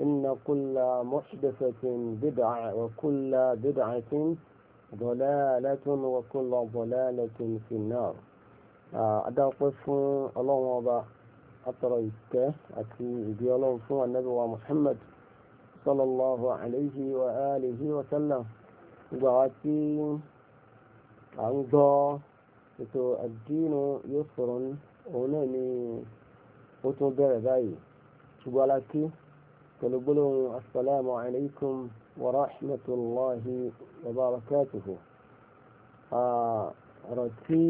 إن كل محدثة بدعة وكل بدعة ضلالة وكل ضلالة في النار أدعوكم الله وضع أطريك أتي بيولون النبي محمد صلى الله عليه وآله وسلم دعاتي عن الدين يسر هنا ni ó pẹ̀lú gbólóhùn asalaamu alaykum wa rahmatulahi wa barakatuhu. ọ̀rọ̀ tí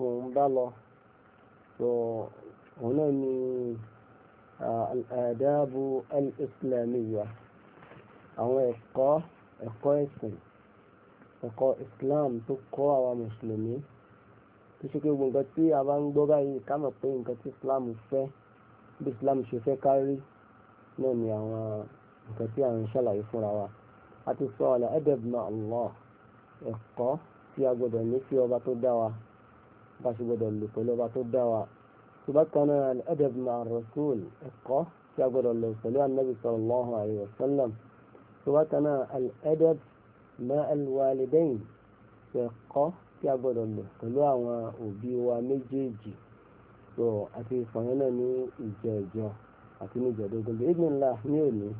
òun bá lọ sọ òun náà ni al-adabu al-islamiyya àwọn ẹ̀kọ́ ẹ̀kọ́ ẹ̀sìn ẹ̀kọ́ islam tó kọ́ àwa mùsùlùmí tó ṣe pé gbogbo nǹkan tí a bá ń gbọ́ báyìí ká mọ̀ pé nǹkan tí islam fẹ́ bí islam ṣe fẹ́ kárí náà ni àwọn nǹkan tí à ń ṣàlàyé fúnra wa a ti sọ ọ̀la ẹ̀dẹ̀bùnà Allah ẹ̀kọ́ tí a gbọ́dọ̀ ní sí ọba tó dá wa bá ṣe gbọ́dọ̀ lò pẹ̀lú ọba tó dá wa subakana ẹ̀dẹ̀bùnà rasul ẹ̀kọ́ tí a gbọ́dọ̀ lò pẹ̀lú anabi sallallahu alayhi wa sallam subakana ẹ̀dẹ̀b ma alwalidain ẹ̀kọ́ tí a gbọ́dọ̀ lò pẹ̀lú àwọn òbí wa méjèèjì so àti ìfọ̀yín náà ní ìjọ ìjọ. يقول بإذن الله ميولي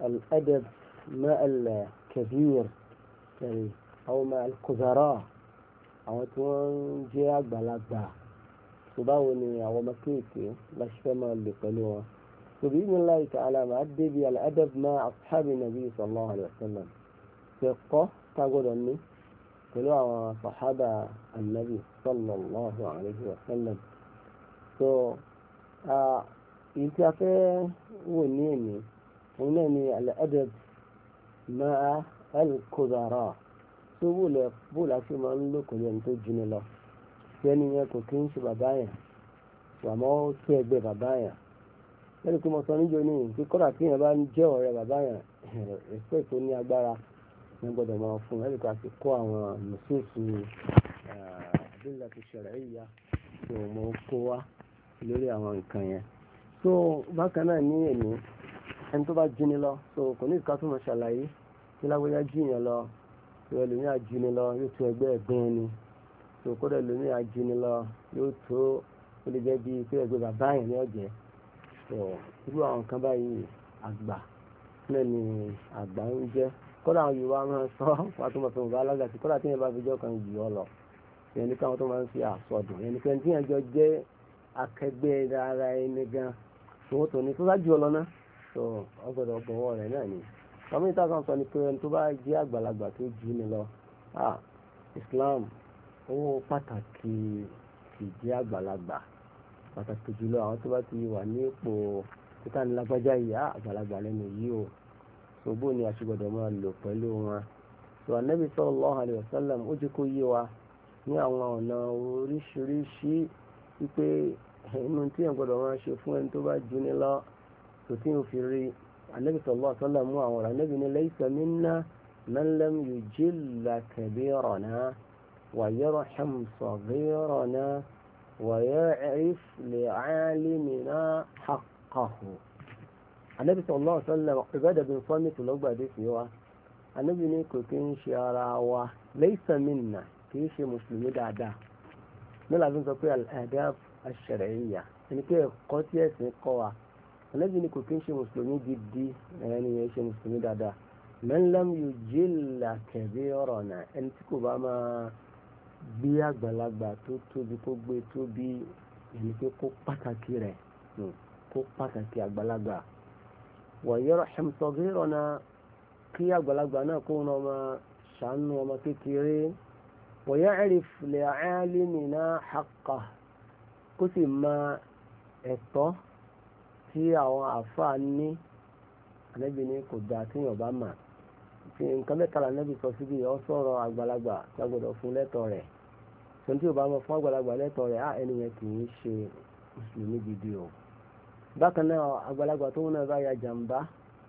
الأدب ما الكبير يعني أو ما القذراء أو تون جيا بلادا تباوني أو مكيكي لشفما اللي قلوه فبإذن الله تعالى ما أدبي الأدب ما أصحاب النبي صلى الله عليه وسلم ثقة تقول أني كلوا صحابة النبي صلى الله عليه وسلم so, آه، èyí tí a fẹ́ wò ní èmi òun náà ni al-adab ma'a al-kubara tó wùlẹ̀ bóòlù àti máa ń lò pẹ̀lú ẹni tó jìnnà lọ sẹ́ni yẹn kò kí ń ṣe bàbá yẹn àmọ́ ó tún ẹgbẹ́ bàbá yẹn lẹ́nu pé mo sọ níjó ní ìpín kọ́dà tí yẹn bá ń jẹ́ ọ̀rẹ́ bàbá yẹn respect tó ní agbára ní gbọ́dọ̀ máa fún un lẹ́nu ti kó àwọn nùsùsù àdúrà tó ṣẹlẹ̀ yìí yá tó mo kó wá lórí àwọn nǹkan yẹn so bákan náà ní èmi ẹni tó bá jí ni lọ so kò ní ìka tó mọ ṣàlàyé tí lágbóyá jí yẹn lọ ìwọ lómi àjí ni lọ yóò tó ẹgbẹ́ ẹ̀gbọ́n ni so kódà lómi àjí ni lọ yóò tó ó lè jẹ́ bí pé ẹgbẹ́ bàbá yẹn ní ọ̀jẹ́ so irú àwọn nǹkan báyìí àgbà náà ni àgbà ń jẹ́ kódà àwọn yorùbá máa sọ wà tó máa fi mọ̀ bá alága sí kódà tí yẹn bá fi jọ́ kan yìí ọ lọ yẹn ní káwọn tó máa ń fi àsọdùn yẹn ní pẹ́ntì yẹn jọ jẹ́ akẹgbẹ́ ara ẹni gan-an tòun tòun ni tó sáájú ọlọ́nà tó ọgbọ́dọ̀ gbọ́wọ́ rẹ̀ náà ni tọ́mí ìta kan sọ ni pé ẹni tó bá jẹ́ àgbàlagbà tó jù mí lọ Islam ó pàtàkì ìjẹ́ àgbàlagbà pàtàkì jùlọ àwọn tó bá ti wà ní ipò títà ní lágbájá ìyá àgbàlagbà lẹ́nu yìí o ṣògbó ni a ṣe gbọ́dọ̀ máa lò pẹ̀lú wọn tó ànábì sallallahu alaihi wasallam ó jẹ́ kó yé wa ní àwọn ọ̀nà oríṣiríṣi wípé inú tí yẹn gbọdọ̀ máa ṣe fún ẹni tó bá ju ní lọ tó tí ń fi rí anabi sallallahu alaihi wasallam mú àwọn ọ̀rọ̀ anabi ní laysa minna man lam yujilla kabirana wa yarham saghirana wa ya'rif li'alimina haqqahu. anabi sallallahu alaihi wasallam Ubadah bin Samit tó lọ́gbàdé sí wa anabi ní kò kí ń ṣe ara wa laysa minna kì í ṣe mùsùlùmí dáadáa nílàbí sọ pé al aṣẹ̀rẹ̀yà ẹni pé ẹ̀kọ́ tí ẹ̀sìn kọ́ wa ẹlẹ́bi ni kò kí ń ṣe mùsùlùmí gidi ẹni yẹn ṣe mùsùlùmí dáadáa mẹ́ńlẹ́m yóò jẹ́ làkẹ́bí ọ̀rọ̀ náà ẹni tí kò bá máa gbé àgbàlagbà tó tóbi kó gbé tóbi ẹni pé kó pàtàkì rẹ̀ kó pàtàkì àgbàlagbà wọ̀nyẹ́rọ̀ ṣẹ̀mùsọ̀gí ọ̀rọ̀ náà kí àgbàlagbà náà kó wọn máa ṣàánú ọmọ kékeré wọ̀nyẹ́ ẹ̀rì fìlẹ̀ áálí kó sì mọ ẹ̀tọ́ tí àwọn àáfàá ní ànábì ní kò dáa tí yàn mà fi nǹkan mẹ́tàlá ànábì sọ síbi ọ sọ̀rọ̀ àgbàlagbà gbàgbọ́dọ̀ fún lẹ́tọ̀ rẹ̀ tó ń tí ò bá fún àgbàlagbà lẹ́tọ̀ rẹ̀ á ẹni yẹn kì í ṣe mùsùlùmí gidi o bákan náà àgbàlagbà tó náà bá ya jàǹbá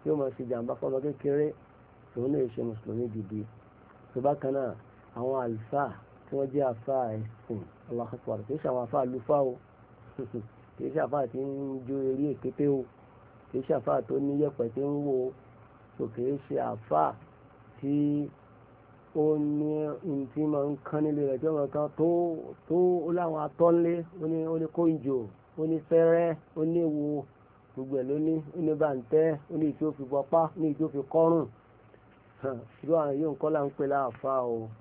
yóò máa ṣe jàǹbá fọmọ kékeré tòun náà ṣe mùsùlùmí gidi tó bákan náà àwọn àlùfáà tí wọ́n jẹ́ àfáà ẹ̀sìn Allah Akbar kì í ṣàwọn àfáà lufa o kì í ṣàfáà tí ń jó eré èkété o kì í ṣàfáà tó ní yẹ̀pẹ̀ tí ń wò o kì í ṣe àfáà tí ó ní ntí máa ń kán nílé rẹ̀ tí wọ́n kan tó tó láwọn atọ́nlé ó ní ó ní kóńjò ó ní fẹ́rẹ́ ó ní ewu gbogbo ẹ̀ ló ó ní bàǹtẹ́ ó ní ìtí ó fi bọ́pá ó ní ìtí ó fi kọ́rùn-ún irú àwọn yóò ń kọ́ là ń o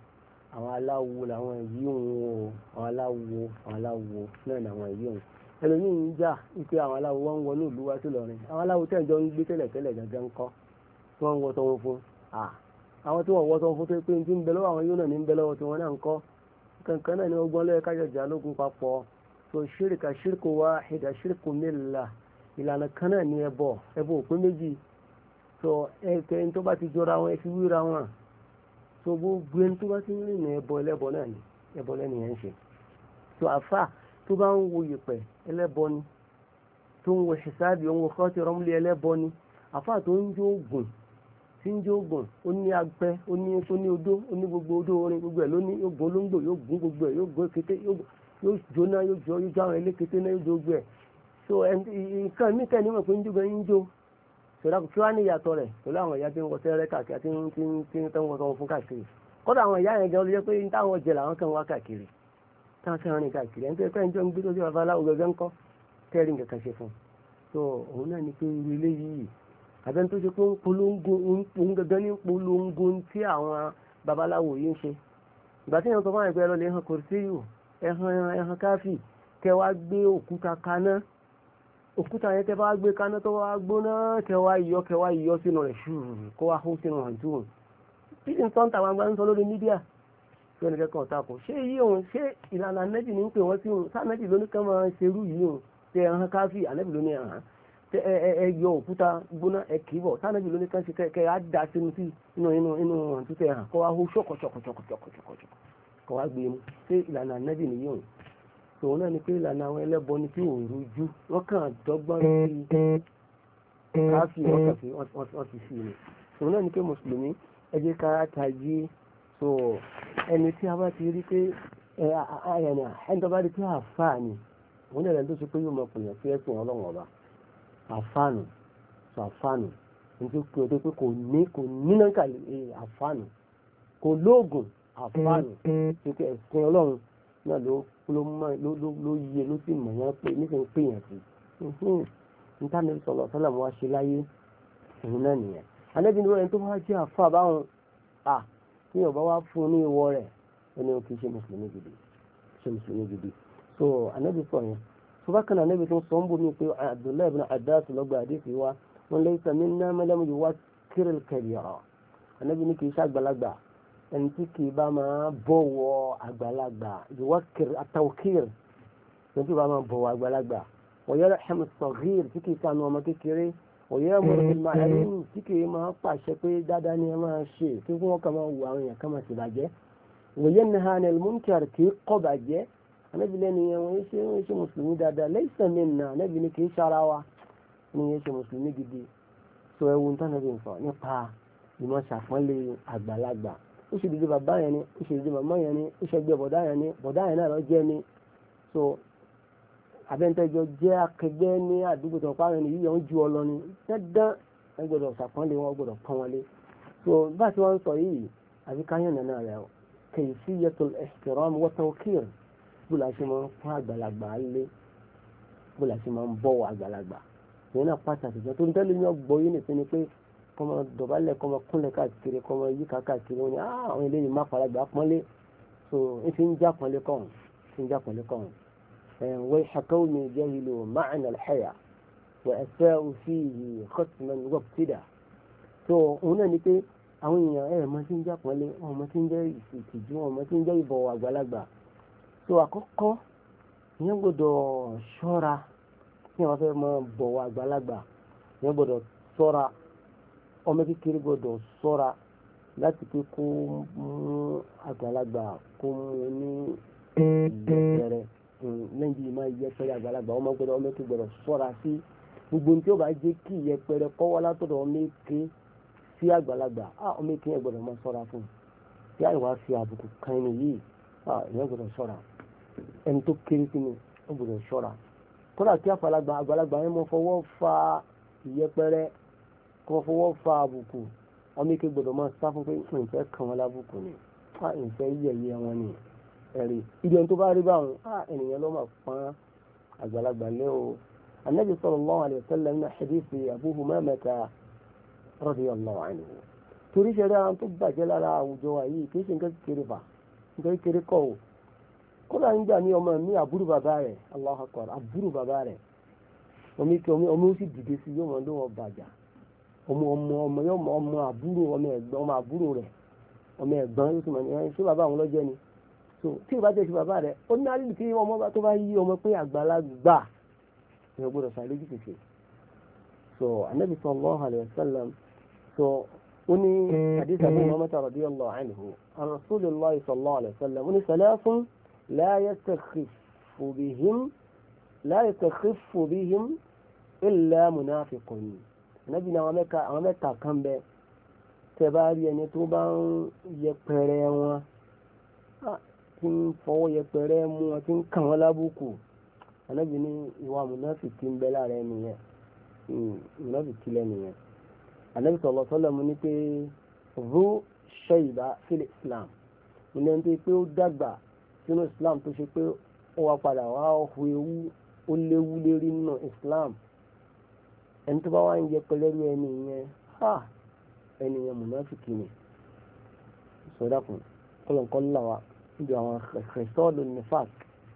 àwọn aláwo làwọn èyí òun o àwọn aláwo àwọn aláwo náà làwọn èyí òun ẹlòmíì ń jà wípé àwọn aláwo wọn ń wọnú ìlú wá sí lọrin àwọn aláwo tẹ̀ jọ ń gbé tẹ́lẹ̀ tẹ́lẹ̀ gẹ́gẹ́ ń kọ́ tí wọ́n ń wọ́tọ́ wọn fún à àwọn tí wọ́n wọ́tọ́ fún tó pé ní ti àwọn yóò náà ní ń bẹ tí wọ́n náà ń kọ́ kankan náà ni wọ́n gbọ́n lọ́yẹ kájọ jà lógun papọ̀ so ṣírìkà ṣírìkù wáhídà ṣírìkù mílà ìlànà kan náà ni ẹbọ ẹbọ òpin méjì so ẹ̀kẹ́ tó bá ti jọra wọn ẹ fi wíra wọn so gbogbo ẹni tó bá ti ń rìnà ẹbọ ẹlẹ́bọ náà ni ẹbọ lẹ́nu yẹn ń ṣe so àfà tó bá ń wo yèpẹ̀ ẹlẹ́bọ ni tó ń wo ṣẹ̀sáàbì òun kọ́ ti rọ́múlé ẹlẹ́bọ ni àfà tó ń jó ògùn tí ń jó ògùn ó ní agbẹ́ ó ní ó ní odó ó ní gbogbo odó orin gbogbo ẹ̀ ló ní yóò gún olóńgbò yóò gún gbogbo ẹ̀ yóò gún kété yóò jóná yóò jó àwọn elékété náà yóò jó gbogbo so nǹkan mí sọdọ kí wàá ní ìyàtọ̀ rẹ̀ pẹ̀lú àwọn ìyá tí ń wọṣẹ́ rẹ káàkiri àti tí ń tí ń tẹ́ ń wọṣọ wọn fún káàkiri kọ́dà àwọn ìyá yẹn gan ló jẹ́ pé táwọn jẹ làwọn kan wá káàkiri táwọn kan rìn káàkiri ẹni tó yẹ káyọ̀ ń gbé tó sí babaláwo gẹ́gẹ́ ńkọ́ tẹ́rì nǹkan kan ṣe fún un tó òun náà ni pé irú eléyìí àbẹ́ni tó ṣe pé ń polongo ń gangan ní polongo tí àwọn babaláwo yìí ń ṣe ìgbà tí yẹn sọ fún àwọn ìgbẹ́ lọ lè hàn kòrìsíyù ẹ̀hàn ẹ̀hàn káfí kẹ wá gbé òkúta kaná òkúta yẹn tẹ́ bá gbé kaná tó wá gbóná kẹwàá yọ kẹwàá yọ sínú rẹ̀ ṣùrù kó wá hó sínú àǹtí wọn tí n sọ́ńtà wọn gba ń sọ lórí mídíà tí wọn kẹ́kọ̀ọ́ ta kò ṣé yí òun ṣé ìlànà anẹ́bì ní ń pè wọ́n sí òun sànẹ́bì lóní kan máa ń ṣerú yìí òun tẹ ẹ̀hán káfí anẹ́bì lóní ẹ̀hán tẹ ẹ ẹ ẹ yọ òkúta gbóná ẹ kì í bọ̀ sànẹ́bì lóní kan ṣe kẹ á da sínú sí inú inú inú àǹtí tẹ ẹ̀hán kó wá hó ṣọ̀kọ̀ṣọ̀kọ̀ṣọ̀kọ̀ṣọ̀kọ̀ kó wá gbé e mu ṣé ìlànà anẹ́bì nìyí òun sòwò náà ni pé ìlànà àwọn ẹlẹ́bọ ni pé òrújú wọ́n kàn dọ́gbọ́n sí káfí wọ́n si ni sòwò náà ni pé mùsùlùmí so ẹni tí a bá ti rí pé ẹni tó bá rí pé àfáà ni òun náà lẹ́nu tó ṣe pé yóò mọ ẹ̀sìn ọlọ́run ọba àfáànù sọ àfáànù nítorí pé pé kò ní kò ní náà kà àfáànù kò náà ló ló mọ̀ ló ló ló yẹ ló sì mọ̀ yẹn pé nífẹ̀ẹ́ ń pè yẹn sí nítàní sọ̀rọ̀ sọ́là mo wá ṣe láyé òun náà nìyẹn alẹ́bí ni wọ́n tó wá jẹ́ àfa báwọn à tí yóò bá wá fún ní ìwọ rẹ̀ ó ní kí ṣe mùsùlùmí gidi ṣe mùsùlùmí gidi so alẹ́bí sọ yẹn tó bá kan alẹ́bí tó ń sọ ń bomi pé Abdullahi ibn Abbas lọ́gbà àdéhùn wa wọn lè sàmì náà mẹ́lẹ́mú yìí wá kírìl kẹ̀lì ẹni tí kì í bá máa bọ̀wọ̀ àgbàlagbà ìwọ́kiri àtàwọ̀kiri ẹni tí kì í bá máa bọ̀wọ̀ àgbàlagbà ọ̀yẹ́rẹ́ ẹ̀mí sọ̀gír tí kì í sànù ọmọ kékeré ọ̀yẹ́rẹ́ mọ̀rẹ́mí ẹ̀mí tí kì í máa pàṣẹ pé dáadáa ni ẹ máa ṣe kí wọ́n kà máa wù àwọn èèyàn kà máa ṣèbàjẹ́ ọ̀yẹ́ nìhan ẹ̀lmúnkẹ́rì kì í kọ́ bàjẹ́ anábìlẹ̀ nìyẹn wọ́n ṣe ṣe mùsùlùmí dáadáa ó ṣe dédé bàbá yẹn ni ó ṣe dédé màmá yẹn ni ó ṣe gbé bọ̀dá yẹn ni bọ̀dá yẹn náà lọ jẹ́ ni so abẹ́ntẹ́jọ jẹ́ akẹgbẹ́ ní àdúgbò tó pa àwọn ènìyàn ju ọ lọ ni dandan wọn gbọdọ̀ ṣàpọ́nlé wọn gbọdọ̀ pọ́n wọn lé so bá a ti wọ́n ń sọ yìí àbí káyọ̀ nàná rẹ̀ o kayfiyatul ihtiram wa tawqir bó la ṣe máa ń pọ́n àgbàlagbà lé bó la ṣe máa ń bọ̀wọ̀ àgbàlagbà ìyẹn náà pàtàkì jọ tó ń tẹ́lẹ̀ ní ọgbọ́ yìí nìkan ni pé kọ́ máa dọ̀bálẹ̀ kọ́ máa kúnlẹ̀ káàkiri kọ́ máa yí káàkiri wọn ni ah, àwọn eléyìí má paragbà pọ́nlé so n fi ń já pọ́nlé kọ́hún fi ń já pọ́nlé kọ́hún. wọ́n ṣàkóso mi jẹ́ ìlú máàna lẹ́yà wọ́n ẹ̀fẹ́ òfin yìí kọ́tùmọ̀n wọ́pútìdà. so òun náà ni pé àwọn èèyàn ẹ̀ mọ ti ń já pọ́nlé wọn mọ ti ń jẹ́ ìtìjú wọn mọ ti ń jẹ́ ìbọ̀wọ̀ àgbàlagbà. so àkọ́kọ́ ìyẹn gbọ́dọ̀ ṣọ́ra tí wọ́n fẹ́ mọ bọ̀wọ̀ àgbàlagbà ọmọ kékeré gbọdọ̀ sọ́ra láti pé kó mú àgbàlagbà kó mú ní ìbẹ̀rẹ̀ lẹ́yìn máa yẹpẹrẹ àgbàlagbà ọmọ gbọdọ̀ ọmọ kékeré gbọdọ̀ sọ́ra sí gbogbo ní tí ó bá jẹ́ kí ìyẹpẹrẹ kọ́wọ́ látọ̀dọ̀ ọmọ èké sí àgbàlagbà ọmọ èké yẹn gbọdọ̀ máa sọ́ra fún un tí àìwá fi àbùkù kan ẹni yìí ìyẹn gbọdọ̀ sọ́ra ẹni tó kéré sí mi ó gbọdọ̀ sọ́ra kódà kí àgbàlagbà àgbàlagbà yẹn mọ fọwọ́ fa ìyẹpẹrẹ kí wọ́n fọwọ́ fa àbùkù ọmọ ike gbọ́dọ̀ máa sá fún pé nǹfẹ́ kàn wọ́n lábùkù ni nǹfẹ́ yẹ̀yẹ́ wọn ni ẹ̀rí ibi tó bá rí báwọn ènìyàn ló máa pọ́n àgbàlagbà lé o anabi sallallahu alayhi na sallam ní hadithi Abu Humamata radiyallahu anhu torí ṣe rí àwọn tó bàjẹ́ lára àwùjọ wa yìí kì í ṣe nǹkan kékeré kọ́ o kódà ní ọmọ mi àbúrò bàbá rẹ̀ àbúrò bàbá rẹ̀ omi omi omi ó sì dìde ọmọ ọmọ ọmọ yóò mọ ọmọ àbúrò ọmọ ẹ̀gbọ́n ọmọ àbúrò rẹ̀ ọmọ ẹ̀gbọ́n yóò tún mọ̀ ní ṣé bàbá àwọn lọ́jọ́ ni so tí ìbá jẹ́ ti bàbá rẹ̀ ó ní àlè tí ọmọ tó bá yí ọmọ pé àgbàlagbà ẹ̀ gbọ́dọ̀ sàlẹ̀ jù kìkì so anabi sallallahu alayhi wa sallam so ó ní hadith Abu Hurairah radiyallahu anhu rasulillah sallallahu alayhi wa sallam ó ní salafun la yastakhifu bihim la yastakhifu bihim illa ànábì ní àwọn mẹ́ta kan bẹ tẹ bá rí ẹni tó bá ń yẹpẹrẹ wọn tí ń fọwọ́ yẹpẹrẹ mú wọn tí ń kà wọn lábùkù ànábì ní ìwà mùnáfìkì ń bẹ lára ẹni yẹn hmm, mùnáfìkì lẹ́nu yẹn ànábì sallallahu alaihi wasallam ní pé rú ṣẹ́yìnbá fil islam mo ní ẹni pé ó dàgbà sínú islam tó ṣe pé ó wá padà wá hu ewu ó léwu lérí nínú islam ẹni tó bá wá ń yẹ pẹlẹ́rú ẹni yẹn ha ẹni yẹn mùnáfìkì ni sọdọ́kùn kọlọ̀kọ́ ńlá wa níbi àwọn ẹ̀sọ́ọ̀lù nífàk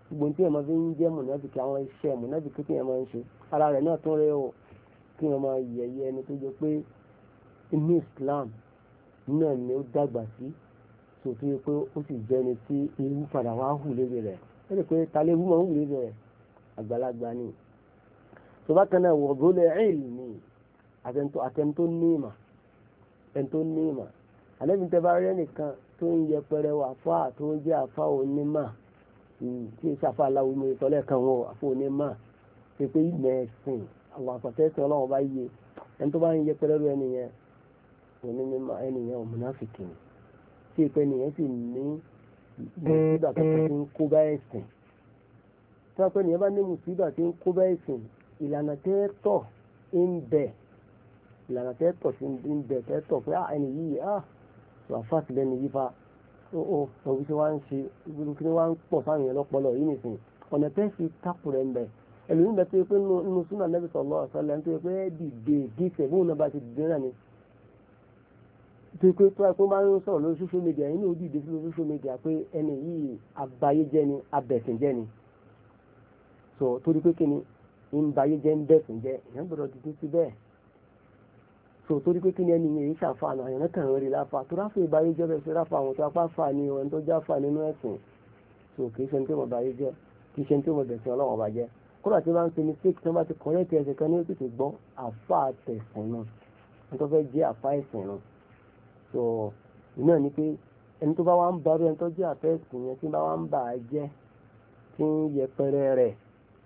gbogbo tí ẹ̀mọ́ fi ń jẹ́ mùnáfìkì àwọn iṣẹ́ mùnáfìkì tí ẹ̀mọ́ ń ṣe ara rẹ̀ náà tún rẹ̀ o kí wọ́n máa yẹ̀yẹ́ ẹni tó jẹ́ pé inú Islam náà ni ó dàgbà sí sòtú pé ó sì jẹ́ ẹni tí ewu padà wá hù lébi rẹ̀ ẹ̀ tó bá kan náà wọ̀dọ́lẹ̀ ilmi àtẹ̀ntó àtẹ̀ntó níma àtẹ̀ntó níma àlẹ́bí tẹ́ bá rí ẹnìkan tó ń yẹ pẹrẹ wà fá tó ń jẹ́ àfá onímà hmm, tí ìṣe àfá aláwo mi ìtọ́lẹ̀ kan wọ àfá onímà ṣe pé ìmọ̀ ẹ̀sìn àwọn àpọ̀tẹ́sìn ọlọ́run bá yẹ ẹni tó bá ń yẹ pẹrẹ rú ẹnìyẹn onímọ̀ ẹnìyẹn òmùnáfìkì ni tí ìpẹ́ ẹnìyẹn sì ní mùsíbà tó ń kó bá ẹ̀sìn tí wọ́n pẹ́ ẹnìyẹn bá ní mùsíbà tó ń kó bá ẹ̀sìn ìlànà tẹ́tọ̀ ń bẹ ìlànà tẹ́tọ̀ sí ń bẹ tẹ́tọ̀ pé ah, ẹni yìí ah wàfà sílẹ̀ ní yífa ó ọ̀bí oh, tí wọ́n ń ṣe kí ni wọ́n ń pọ̀ sáwọn yẹn lọ́pọ̀lọ́ yìí nìsín ọ̀nà tẹ́ fi tápù rẹ̀ ń bẹ ẹlòmí bẹ tó yẹ pé nínú súnà nẹ́bí sọ̀lọ́ ọ̀sọ́lẹ̀ tó yẹ pé dìde gíṣẹ̀ bóun náà bá ti dìde náà ni tó yẹ pé tó yẹ pé bá ń sọ̀rọ̀ lórí social media yìí ní dìde lórí social media pé ẹni yìí abayéjẹ́ ni abẹ̀sìnjẹ́ ni so torí pé kí ni ń ba ayé jẹ́ ń bẹ̀sùn jẹ́ èèyàn gbọ́dọ̀ dìde sí bẹ́ẹ̀ so torí pé kí ni ẹni yẹn ṣàfà náà àyàn kàn rí láfa tó ráfà ìbáyé jẹ́ bẹ́ẹ̀ fi ráfà àwọn tó apá fà ní ọ̀rẹ́ tó jáfà nínú ẹ̀sìn so kì í ṣe ní tí mo báyé jẹ́ kì í ṣe ní tí mo bẹ̀sìn ọlọ́wọ́n bá jẹ́ kódà tí wọ́n ti ní six tí wọ́n bá ti kọ́rẹ́ ti ẹsẹ̀ kan ní oṣù tó gbọ́ àfa so ni pé ẹni tó bá wá ń barú ẹni tó jẹ́ àfẹ́sìn yẹn tí bá wá ń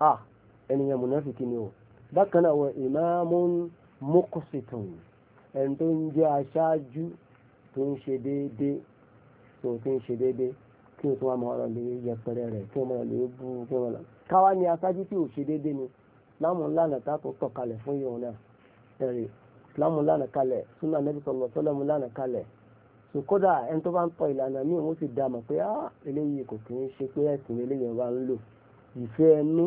ah ẹnìyàn mùnáfíkì ni o bákan náà wọ ìmáàmùn mọ́kọ̀sìtàn ẹni tó ń jẹ́ aṣáájú tó ń ṣe déédéé tó ti ń ṣe déédéé kí o tún wá máa lọ yẹpẹrẹ rẹ̀ kí o máa lè bú kí o máa lọ. káwa ni aṣáájú tí ò ṣe déédéé ni láàmú lánàá ká tó tọ̀ kalẹ̀ fún yòówù náà ẹ̀rẹ̀ láàmú lánàá kalẹ̀ súnà nẹ́bí sọ̀rọ̀ sọ́lẹ́mú lánàá kalẹ̀ so kódà ẹni tó bá ń tọ ìlànà míì wọ́n ti dá mọ̀ pé ah eléyìí kò kì í ṣe pé ẹ̀sìn eléyìí wa ń lò ìfẹ́ ẹnu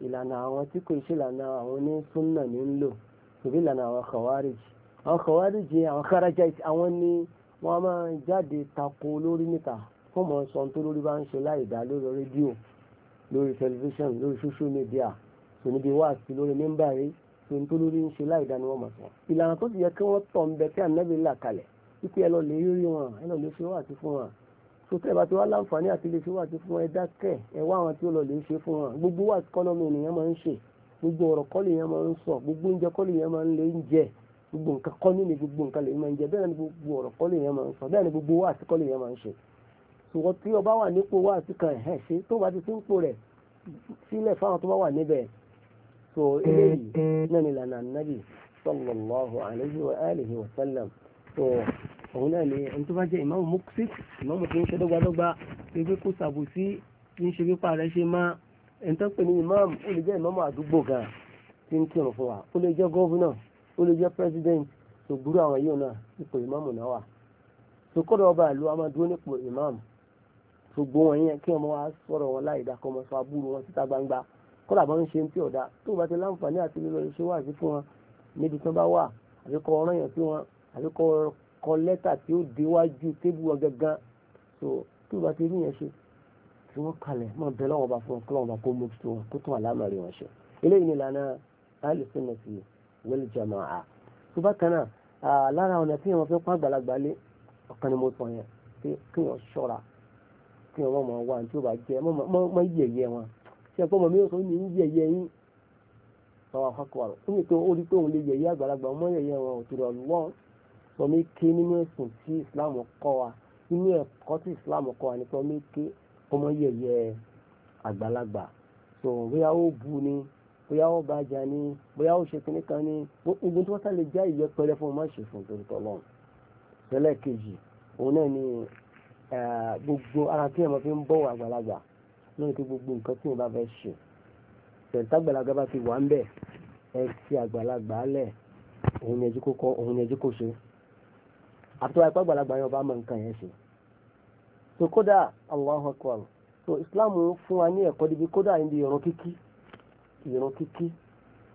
ìlànà àwọn tí kò ṣe ìlànà àwọn ní súnà ní ń lò tòbí ìlànà àwọn khawarij àwọn khawarij àwọn kárájà àwọn ni wọ́n máa jáde tako olórí níta fún mọ̀ sọ tó lórí bá ń ṣe láì dá lórí rédíò lórí tẹlifíṣàn lórí social media tò níbi wáàsí lórí mímbà rí tò ní tó lórí ń ṣe láì dá ni wọ́n mọ̀ sọ. ìlànà tó ti yẹ kí wọ́n tọ̀ ń bẹ sotẹ́ bá ti wá láǹfààní àti lè ṣe wà sí fún ẹ dákẹ́ ẹ wá àwọn tí ó lọ lè ṣe fún wọn gbogbo wà tí kọ́lọ́mù ènìyàn máa ń ṣe gbogbo ọ̀rọ̀ kọ́lì yẹn máa ń sọ gbogbo oúnjẹ kọ́lì yẹn máa ń lè ń jẹ gbogbo nǹkan kọ́ nínú gbogbo nǹkan lè máa ń jẹ bẹ́ẹ̀ ni gbogbo ọ̀rọ̀ kọ́lì yẹn máa ń sọ bẹ́ẹ̀ ni gbogbo wà tí kọ́lì yẹn máa ń ṣe ṣùgbọ́n tí ọba wà nípò wà sí kan ẹ̀ ṣe tó bá ti sí ń pò rẹ̀ sílẹ̀ fáwọn tó bá wà níbẹ̀ so eléyìí náà ni lànà nàbì sallallahu alaihi òun náà ni ẹni tó bá jẹ́ ìmáàmù muqsit ìmáàmù tó ń ṣe dọ́gbadọ́gba pé kó ṣàbòsí tí ń ṣe pípa rẹ̀ ṣe máa ẹni tó ń pè ní ìmáàmù ó lè jẹ́ ìmáàmù àdúgbò gan tí ń kírun fún wa ó lè jẹ́ gọ́vùnà ó lè jẹ́ president ṣògbúrú àwọn yóò náà ipò ìmáàmù náà wà ṣòkòrò ọba ìlú a máa dúró nípò ìmáàmù ṣùgbọ́n wọn yẹn kí ọmọ wa sọ̀rọ̀ wọn láì dákọ́ ọmọ sọ abúrú wọn kọ lẹ́tà tí ó déwájú tébù wọn gangan so tí o bá ti rí yẹn ṣe tí wọ́n kalẹ̀ máa bẹ lọ́wọ́ bá fún wọn kílọ̀ wọn bá kó mú tó wọn kó tún àlámà rí wọn ṣe eléyìí ni ìlànà alìsínàfì wal jamaa tó bá kan náà lára ọ̀nà tí wọ́n fi pa àgbàlagbà lé ọ̀kan ni mo sọ yẹn pé kí wọ́n ṣọ́ra kí wọ́n mọ̀ wá tí ó bá jẹ́ mọ́ yẹ̀yẹ́ wọn ṣe pé ọmọ mi ò sọ ní yẹ̀yẹ́ yín sọ wà fọ́kọ̀ọ̀rọ̀ ó ní pé ó rí pé òun lè yẹ̀yẹ́ àgbàlagbà mọ́ yẹ̀yẹ́ wọn òtúrọ̀ lọ́wọ́ sọmíkè nínú ẹ̀sìn tí islam kọ́ wa nínú ẹ̀kọ́ tí islam kọ́ wa ní sọmíkè ọmọ yẹ̀yẹ́ àgbàlagbà so bóyá ó bu ni bóyá ó bàjá ni bóyá ó ṣe kínní kan ni ogun tí wọ́n sá lè já ìyẹpẹrẹ fún ọmọ ṣe fún torí tọ́lọ́run tẹ́lẹ̀ kejì òun náà ni gbogbo ara tí ẹ̀ mọ̀ fi ń bọ̀ àgbàlagbà lórí tí gbogbo nǹkan tí ìbá fẹ́ ṣe tẹ̀ntàgbàlagbà bá ti wà ń bẹ̀ ẹ ti àgbàlagbà lẹ̀ òun ni ẹjú kó ṣe àtúwà ẹ̀pá gbàlagbà yẹn ọba mọ̀ nǹkan yẹn ṣe so kódà Allahu Akbar so Islam fún wa ní ẹ̀kọ́ débi kódà níbi ìrun kíkí ìrun kíkí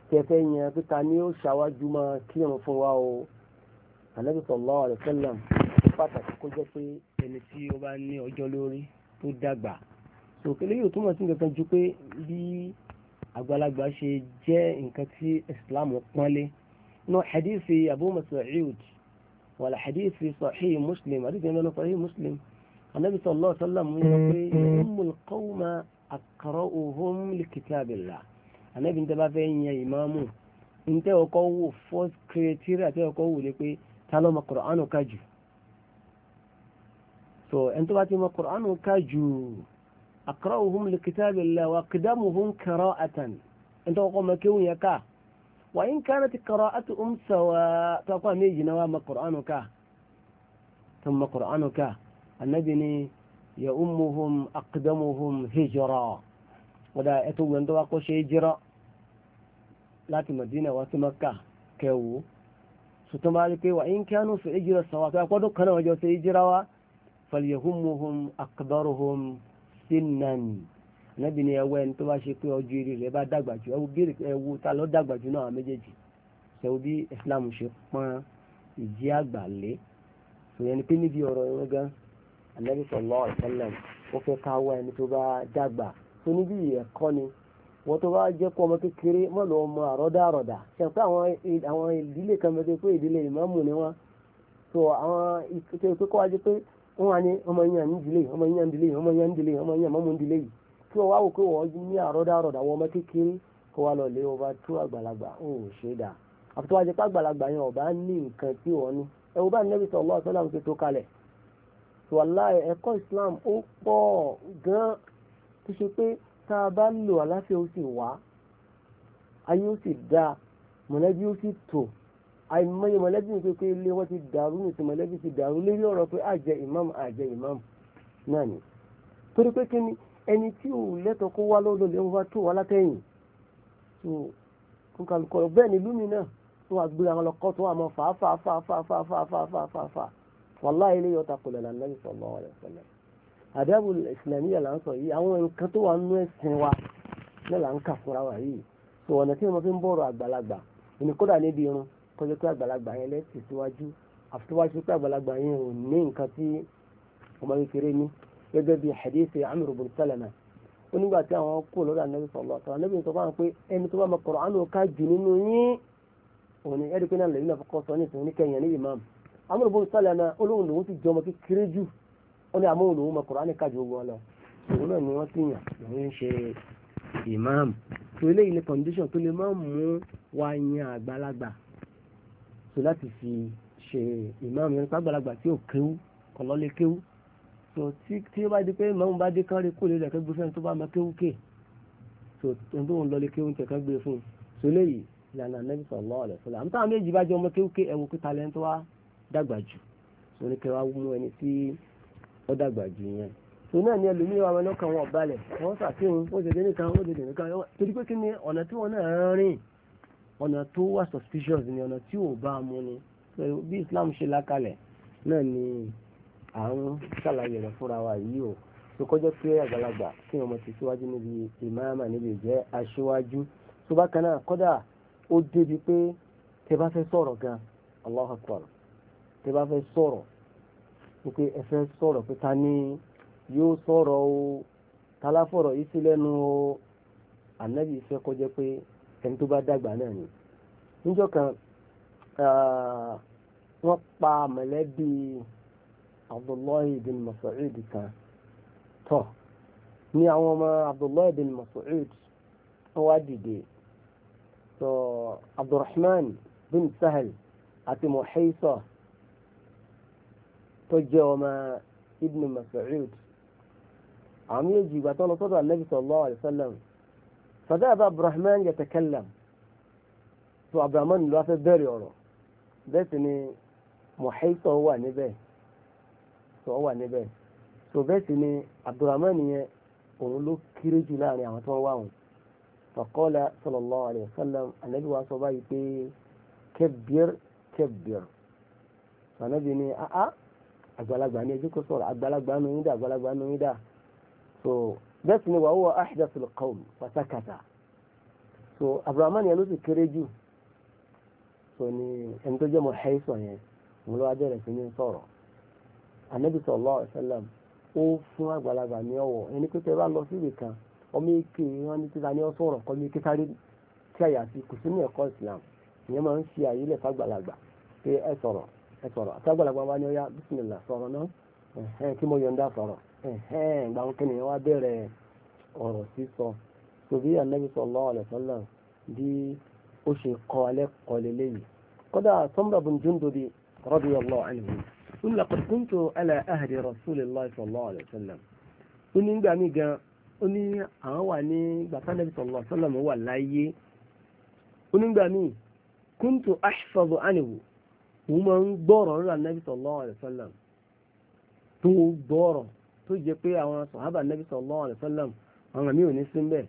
tẹ̀fẹ́ yẹn pípa ní ó ṣàwájú máa kírun fún wa o Ànábì sallallahu alaihi wasallam pàtàkì kó jẹ́ pé ẹni tí ó bá ní ọjọ́ lórí tó dàgbà òkèlè yóò túmọ̀ sí nǹkan ju pé bí àgbàlagbà ṣe jẹ́ nǹkan tí Islam pọ́nlé náà hadithi Abu Mas'ud والحديث في صحيح مسلم حديث من صحيح مسلم النبي صلى الله عليه وسلم يقول القوم أقرأهم لكتاب الله النبي انت بقى فين يا إمامو انت وقوه فوز كريتيرا انت وقوه لكي تعلم القرآن وكاجو so انت بقى تيما القرآن وكاجو أقرأهم لكتاب الله وأقدمهم قراءة انت وقوه مكيون يكاه وإن كانت أم سواء تقوى نيجي نوام قرآنك ثم قرآنك النبي أمهم أقدمهم هجرا ولا أتو عندو أقوش هجرا لا تمدينة وتمكة كيو كو لكي وإن كانوا في هجرة سواء تقول كانوا وجوا في هجرا فليهمهم أقدرهم سنا ànábì ni ẹwọ ẹni tó bá ṣe pé ọjọ́ eré rẹ̀ bá dàgbà jù ẹwọ béèrè ẹwọ ta ló dàgbà jù náà méjèèjì ṣẹwọ bí islam ṣe pọ́n ìjì àgbà lé ṣòyẹn ni pé níbi ọ̀rọ̀ ìwọ́n gan ànábì sallallahu alaihi wasallam ó fẹ́ ká wá ẹni tó bá dàgbà tó níbi ẹ̀kọ́ ni wọ́n tó bá jẹ́ kó ọmọ kékeré mọ́ lọ ọmọ àrọ́dá àrọ́dá ṣe pé àwọn ìdílé kan bẹ́ẹ̀ pé ìdílé ìmáàmù ni wọ́n so àwọn ìkẹ́kẹ́ kó pé wọ́n wá ní ọmọ yẹn ń dilé ọmọ yẹn ń dilé ọmọ yẹn ń dilé ọmọ yẹn mọ́mú ń dilé yìí kí wọ́n wá wò pé wọ́n ní àrọ́dàrọ́dà àwọn ọmọ kékeré kó wá lọ lé ọba tó àgbàlagbà ó ò ṣe dà àfitọ́ wájú pé àgbàlagbà yẹn ọba ní nǹkan tí wọ́n ní ẹ bá nẹ́bí sọ ọlọ́ọ̀ sọ́lá ti tó kalẹ̀ wàláì ẹ̀kọ́ Islam ó pọ̀ gan-an tó ṣe pé tá a bá lò àláfíà ó sì wá ayé ó sì dáa mọ̀lẹ́bí ó sì tò àìmọye mọ̀lẹ́bí ní pé ilé wọn ti dàrú nìtì mọ̀lẹ́bí ti dàrú lórí ọ̀rọ̀ pé àjẹ ìmáàmù àjẹ ìmáàmù náà ni torí pé kí ni ẹni tí ò lẹ́tọ̀ọ́ kó wá lọ́dọ̀ lè wá tó wá látẹ̀yìn tó kọkàlùkọ bẹ́ẹ̀ ni lumi náà tó wà gbé àwọn ọkọ tó wà mọ fà fà fà fà fà fà fà fà fà fà wàláhì ilé yọta kò lẹ́la nàbì sallallahu alaihi wasallam àdábù ìsìlámíyà là ń sọ yìí àwọn nǹkan tó wà nú ẹ̀sìn wa náà là ń kà fúnra wa yìí tó ọ̀nà tí wọ́n fi ń bọ̀rọ̀ àgbàlagbà ìní kódà níbi irun kọjá pé àgbàlagbà yẹn lẹ́sìn síwájú àfi tó wá sí pé àgbàlagbà yẹn ò ní nǹkan tí ọmọ kékeré ní gẹ́gẹ́ bí hadith amr ibn salama ó nígbà tí àwọn kú lọ́dọ̀ anabi sallallahu alaihi wasallam anabi sọ fún wa pé ẹni tó bá ma Qur'an ká jù nínú yín òun ni ẹ̀rí pé náà lẹ́yìn náà fọkọ sọ ní ìsìn oníkẹyìn ní imam amr ibn salama olóhùn lòun ti jọmọ kékeré jù ó ní àmọ́ òun ma Qur'an ká jù wọn lọ òun náà ni wọ́n ti yàn òun ń ṣe imam tó eléyìí ni condition tó lè má mú wa yan àgbàlagbà tó láti fi ṣe imam yẹn nípa tí ò kéwú kọ̀lọ́lé kéwú so tí tí ó bá di pé màmú bá dé kán rí kó lè rẹ̀ kẹ́gbẹ́ fẹ́ni tó bá mọ kéwúkè so ohun tó ń lọ lè kéwú tẹ̀ kán gbé fún un so léyìí ìlànà Ànábì sallallahu alaihi wasallam àmì táwọn méjì bá jẹ́ ọmọ kéwúkè ẹ̀wọ̀n pé talẹ́ tó wá dàgbà jù so ní kẹwàá mú ẹni tí ó dàgbà jù yẹn so náà ni ẹlòmíì wa wọn lọ́kàn wọn balẹ̀ wọ́n sàfihàn ó ṣe dé nìkan ó ṣe dé nìkan torí pé kí ni ọ̀nà tí wọ́n náà rìn ọ̀nà tó wà suspicious ni ọ̀nà tí ò bá mu ni bí Islam ṣe lákalẹ̀ náà ni à ń ṣàlàyé rẹ̀ fúnra wa yìí o tó kọjọ́ pé àgbàlagbà kí ọmọ ti síwájú níbi ìmáàmà níbi ìjẹ́ aṣíwájú tó bá kan kọ́dà ó débi pé tẹ bá fẹ́ sọ̀rọ̀ gan Allahu tẹ bá fẹ́ sọ̀rọ̀ ẹ fẹ́ sọ̀rọ̀ pé ta ni yóò sọ̀rọ̀ o taláfọ̀rọ̀ yìí sí lẹ́nu o ànábì fẹ́ pé ẹni tó bá dàgbà náà ni. kan ah, wọ́n pa mọ̀lẹ́bí abdullahi bin mas'ud kan tó ní àwọn ọmọ abdullahi bin mas'ud wọ́n wá dìde tó abdulrahman bin sahel àti muhaisa tó jẹ́ ọmọ ibn mas'ud àwọn méjì ìgbà tó lọ sọ́dọ̀ anabi sallallahu alayhi wa sallam fadaba abdulrahman yatakallam tó abdulrahman ló wá fẹ́ bẹ̀rẹ̀ ọ̀rọ̀ bẹ́ẹ̀ sì ni muhaisa wà níbẹ̀ tó wà níbẹ̀ tó bẹ́ẹ̀ sì ni abdulrahman yẹn òun ló kéré jù láàrin àwọn tó ń wá òun faqala sallallahu alayhi wa sallam anabi wa sọ báyìí pé kabbir kabbir sànàbí ni aa àgbàlagbà ni ẹjẹ kò sọ̀rọ̀ àgbàlagbà nù yín dà àgbàlagbà nù yín dà so bẹ́ẹ̀ sì ni wa huwa ahdathul qawm fatakata so abdulrahman yẹn ló sì kéré jù so ni ẹni tó jẹ́ mọ̀ hẹ́sọ̀ yẹn mo lọ́wọ́ abẹ́rẹ́ sí ní sọ̀rọ̀ anabi sallallahu alaihi wasallam ó fún àgbàlagbà ní ọ̀wọ̀ ẹni pé tẹ́ bá lọ sí ibì kan ọmọ èké wọn ní títa ní ọ sọ̀rọ̀ kọ́ ní kékeré tí a yà sí kò sí ní ẹ̀kọ́ islam ìyẹn máa ń fi àyè lẹ̀ fàgbàlagbà pé ẹ sọ̀rọ̀ ẹ sọ̀rọ̀ àtàgbàlagbà wa ní ọyá bísímìlà sọ̀rọ̀ náà ẹ̀hẹ́n kí mo yọ̀ǹda sọ̀rọ̀ ẹ̀hẹ́n ìgbà wọn kẹ́niyàn wá bẹ̀rẹ̀ ọ̀rọ̀ tòbí anabi sallallahu alaihi bí ó ṣe kọ́ alẹ́ kọ́ ń laqad kuntu ala ahdi rasulillahi sallallahu alayhi wa sallam ó ní gbà mí gan ó ní àwọn wà ní gbàtánẹ́bí sallallahu alayhi wa sallam wà láyé ó ní gbà mí kuntu ahfadhu anhu mo máa ń gbọ́rọ̀ lórí anabi sallallahu alayhi wa sallam tó gbọ́rọ̀ tó jẹ pé àwọn sọ̀hábà anabi sallallahu alayhi wa sallam àwọn mi ò ní sí bẹ́ẹ̀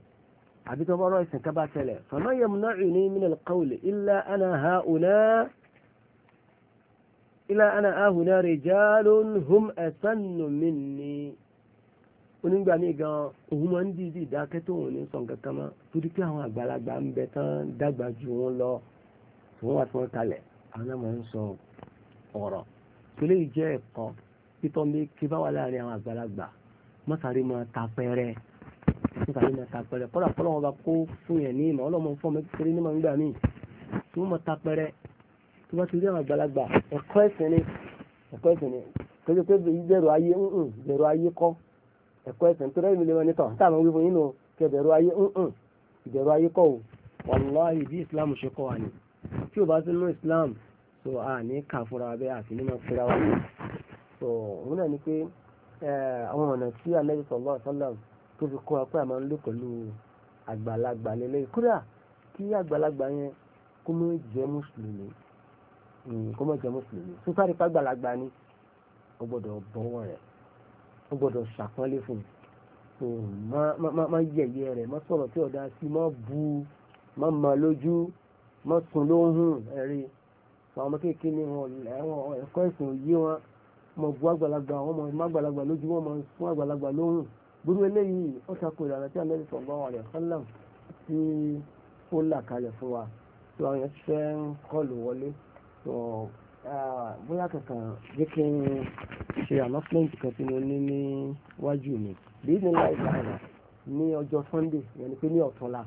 àbí tó bá rọ ìsìn ká bá tẹ̀lẹ̀ fama yamna'uni min al-qawli illa ana ha'una ilá ana ahùnà rijalun hum asannu minni onígbà míì gan òun máa ń dìídì dákẹ́ tó òun ní sọ nǹkan kan mọ́ torí pé àwọn àgbàlagbà ń bẹ tán dàgbà ju wọn lọ tí wọ́n wà tí wọ́n kalẹ̀ àwọn náà máa ń sọ ọ̀rọ̀ tó lè jẹ́ ẹ̀kọ́ títọ́ mi kí bá wà láàrin àwọn àgbàlagbà mọ́sàrí máa ta pẹ́rẹ́ mọ́sàrí máa ta pẹ́rẹ́ kọ́dà kọ́dà wọn bá kó fún yẹn ní ìmọ̀ ọlọ́mọ fún ọmọ kékeré ní màá ń gbà míì tí wọ́n máa ta pẹ́rẹ́ tó bá ti rí àwọn àgbàlagbà ẹ̀kọ́ ẹ̀sìn ni ẹ̀kọ́ ẹ̀sìn ni kò sí pé bẹ̀rù ayé ńǹ bẹ̀rù ayé kọ́ ẹ̀kọ́ ẹ̀sìn tó rẹ́yìn mi lè wọn nítàn táwọn wí fún yín nù kẹ bẹ̀rù ayé ńǹ bẹ̀rù ayé kọ́ o wàláhì bí islam ṣe kọ́ wa ni tí o bá ti nú islam so a ní kà fúnra wa bẹ́ẹ̀ àti nínú fúnra wa so òun náà ni pé àwọn ọ̀nà tí anabi sallallahu alaihi wasallam tó fi kọ́ wa pé a máa ń lò pẹ̀lú àgbàlagbà lélẹ́yìn kódà kí àgbàlagbà yẹn kó mọ́ jẹ́ mùsùlùmí Mm, kó má jẹ́ mùsùlùmí sọ́sárì pàgbàlagbà ni ó gbọ́dọ̀ bọ́wọ́ rẹ̀ ó gbọ́dọ̀ ṣàpọ́nlé fún un má yẹ̀yẹ́ rẹ̀ má sọ̀rọ̀ tí ọ̀dà sí má bu má mọ lójú má sùn lóhùn ẹ̀rí àwọn ọmọ kéèké ní ẹ̀kọ́ ìsìn òye wọn mọ̀ bu àgbàlagbà wọn mọ̀ má àgbàlagbà lójú wọn mọ̀ fún àgbàlagbà lóhùn gbogbo eléyìí ó takò ìlànà tí Ànábì sallallahu alaihi wasallam tí ó là kalẹ̀ fún wa tí àwọn yẹn fẹ́ ń kọlù wọlé so uh, bóyá kankan jẹ́ kí n ṣe announcement kan tí mo ní níwájú mi bí ní láì láìlá ní ọjọ́ sunday yẹn ni pé ní ọ̀túnla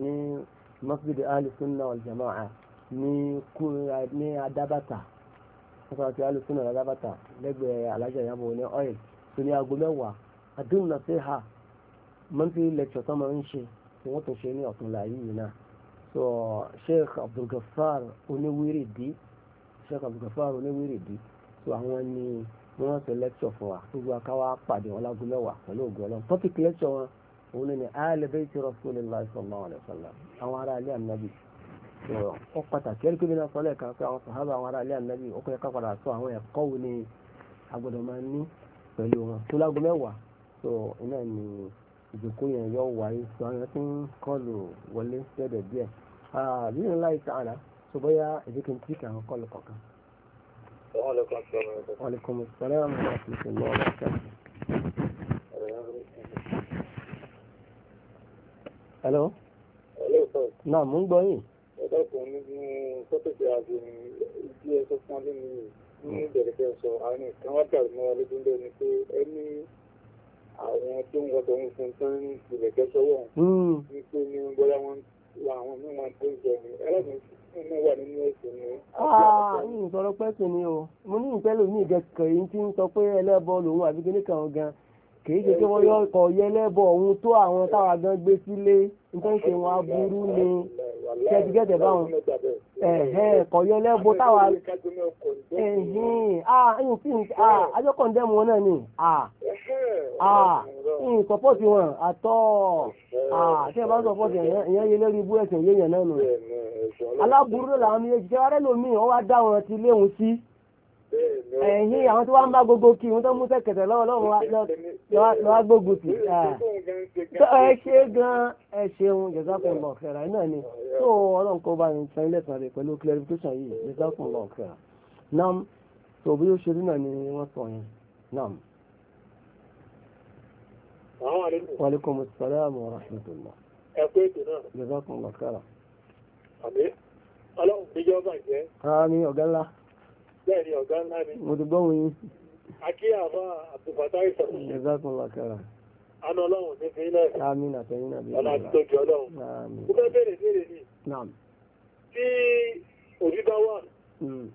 ní masjid ali sunna wal jama'a ní kúra ní adabata masjid ali sunna adabata lẹ́gbẹ̀ẹ́ alájà ìyàbọ ní oil tó ní aago mẹ́wàá adúlù nasiha monthly lecture tó máa ń ṣe tí wọ́n tún ṣe ní ọ̀túnla yìí náà so sheikh abdulgafar oníwírìdì sheikh abdulgafar oníwírìdì so àwọn ni wọ́n ṣe lecture fún wa gbogbo akáwá pàdé wọn lágùn mẹ́wàá pẹ̀lú ògùn ọlọ́run topic lecture wọn òun ni alẹ́bẹ̀ẹ́tì rasulillah sallallahu alayhi wa sallam àwọn ará ilé ànábì ó pàtàkì ẹ̀rí kébìnrin asọ́lẹ̀ kan pé àwọn sàhábà àwọn ará ilé ànábì ó kọ́ ẹ̀ka padà sọ àwọn ẹ̀kọ́ wo ni agbọ́dọ̀ máa ní pẹ̀lú wọn tó lágùn mẹ́wàá so iná ni ìjòkó yẹn yọ wáyé sọ àwọn tí ń kọlù wọlé sẹ́dẹ̀ díẹ̀ nínú láì sàánà tó bóyá èdè kí n tí kàn kọlù kọ̀ọ̀kan. Wàlẹ́kùn sọ́lá mi àti ìṣẹ̀lẹ̀ ọ̀rọ̀ kẹ́kọ̀ọ́. Hello. Hello sir. Náà mò ń gbọ́ yìí. Ẹ̀dá kan nínú sọ́tẹ̀tì àti ìdí ẹ̀sọ́ fún alẹ́ mi ní ìbẹ̀rẹ̀ fẹ́ sọ àwọn ìkan wákàtí mọ́ alẹ́ tó ń bẹ̀rẹ̀ ni pé ẹni tó ń wọ́tọ̀ ń fún tán ìlẹ̀kẹ́ sọ́wọ́ ní hmm. pé ní bóyá wọ́n wà àwọn ní wọn tó ń jẹ ní ẹlẹ́dùn ní wà nínú ẹ̀sìn ní. ní ìsọ̀rọ̀ pẹ́ ni o mo ní ìpẹ́lẹ̀ mi ìgẹ̀kẹ̀ yìí ti ń sọ pé ẹlẹ́bọ lòun àbí kíní kan gan kìí ṣe kí wọ́n yọ ọkọ̀ yẹlẹ́bọ òun tó àwọn táwa gan gbé sílé nítorí pé wọ́n á ni ṣẹ́ẹ̀tì gẹ́tẹ̀ báwọn kọ̀yọ́ lẹ́bù táwa ẹ̀yìn tí ajọ́kọ̀ndẹ́mu wọn náà ni ẹ̀yìn sọ́pọ́ọ̀tì wọn àtọ́ àti ẹ̀bá sọ́pọ́ọ̀tì ẹ̀yàn yé lórí ibú ẹ̀sìn yéèyàn náà nù aláburú làwọn méjì kẹwàá rẹ lómi ọ wá dá wọn ti léwu sí ẹ̀yìn àwọn tí wọ́n ń bá gbogbo kí wọ́n tó mú sẹ́kẹ̀tẹ̀ lọ́wọ́ lọ́wọ́ gbogbo ah. sí. ẹ ṣe gan ẹ ṣeun jazakumullahu khairan náà ni tó ọlọ́run kó bá ní san ilé ìtàn rẹ̀ pẹ̀lú clarification yìí jazakumullahu khairan nam tó bí ó ṣe rí náà ni wọ́n sọ yẹn nam. wa alaikumus salam wa rahmatullah. ẹ pé ètò náà. jazakumullahu khairan. àmì ọlọ́run gbéjọba ìjẹ́. àmì ọ̀gá ńlá. Bẹ́ẹ̀ni ọ̀gá ńlá ni. Mo ti gbọ́ wọn yín. Akí àfá àbùfàtà ìsọ̀rọ̀. Ẹ̀zákùn làkàrà. Àná ọlọ́run ní fi ilẹ̀. Àmín àtẹ̀yìn àbí. Ọlá àtọ́jú ọlọ́run. Àmín. Mo fẹ́ bẹ̀rẹ̀ bẹ̀rẹ̀ ni. Nàám. Tí òbí bá wà. Hmm.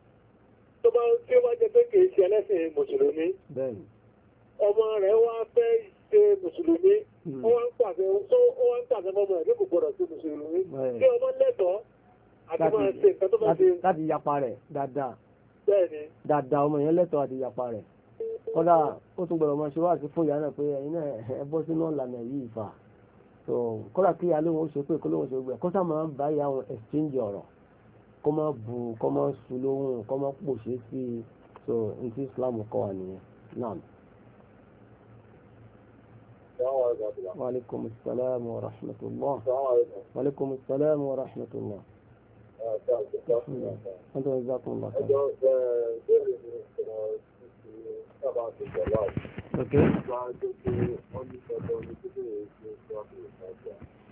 Tó bá tí ó bá jẹ pé kìí ṣe ẹlẹ́sìn Mùsùlùmí. Bẹ́ẹ̀ni. Ọmọ rẹ̀ wá fẹ́ ṣe Mùsùlùmí. Ó wá ń pàṣẹ ó wá ń pàṣẹ fọmọ ẹ̀ lókùn gbọdọ̀ sí Mùsùlùmí. Ṣé ọmọ lẹ́tọ̀ọ́ àti máa ṣe nǹkan tó bá dáadáa ọmọ yẹn lẹ́tọ̀ọ́ àti ìyapa rẹ̀ kódà ó tún gbọ́dọ̀ máa ṣe wáàsí fún ìyá náà pé ẹ̀yin náà ẹ bọ́ sínú ìlànà yìí fà so kódà kí ìyá lóun ó ṣe pé kólóhùn ṣe gbẹ kó sá máa ń bá ìyá wọn ọ̀rọ̀ kó bu kó má su lóhùn kó má pòṣe sí i n ti Islam kọ́ wa nìyẹn náà. ọjọ́ ìgbà kan bá kan. ok.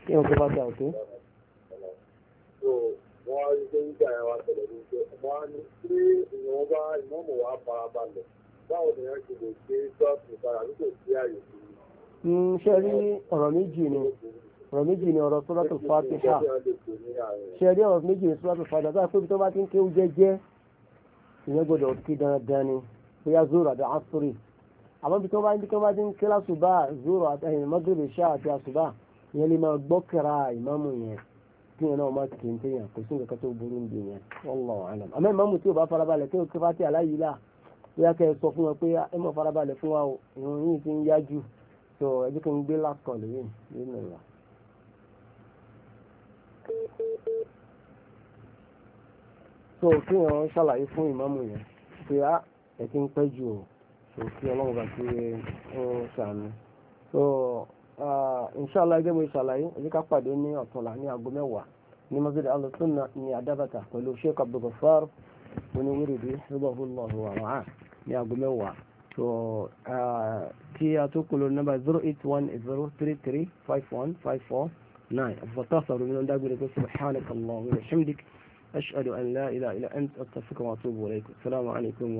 kí ọkọ̀ bá dà ok. wọ́n á rí pé nígbà yẹn wá tẹ̀lé ní pé wọ́n á ní pé ìwọ̀n bá ìmọ̀mù wa farabalẹ̀ báwo ni wọ́n ti lè gbé ṣọ́ọ̀bù sára nígbà tí àyè. ṣe rí ọ̀rọ̀ méjì ni ọ̀rọ̀ méjì ni ọ̀rọ̀ sọ́dọ̀tò fàtíhà ṣe rí ọ̀rọ̀ méjì ni sọ́dọ̀tò fàtíhà sáà pébi tó bá ti ń kéwú jẹ́jẹ́ ìyẹn gbọ́dọ̀ kí dandan ni bóyá zoro àti asuri àmọ́ bí tó bá ń bá ti ń ké lásùbà zoro àti ẹ̀yìn mọ́gìrì ṣá àti àsùbà ìyẹn lè máa gbọ́ kẹra ìmáàmù yẹn kí yẹn náà má kì í téyàn kò sí nǹkan tó burú ń bìyẹn wallahu alam àmọ́ ìmáàmù tí ò bá farabalẹ̀ kí o kí fati aláyìí là bóyá kẹ́ ẹ sọ fún so kí wọ́n ṣàlàyé fún ìmáàmù yẹn pé á ẹ̀ ti ń pẹ́ jù ọ́ so kí ọlọ́run bá ti ń ṣàánú so inṣàlá gẹ́gẹ́ bí ṣàlàyé ẹ̀jẹ̀ ká pàdé ní ọ̀túnla ní aago mẹ́wàá ní masjid alusunna ní adabata pẹ̀lú sheikh abdulgafar oníwèrèdè rúbọ̀húnlọ́hù àwọn ní aago mẹ́wàá so kí a tó kúlò zero eight one zero three three five one five four. نعم فتصلوا من عندك يقول سبحانك اللهم وبحمدك أشهد أن لا إله إلا أنت أستغفرك وأتوب إليك السلام عليكم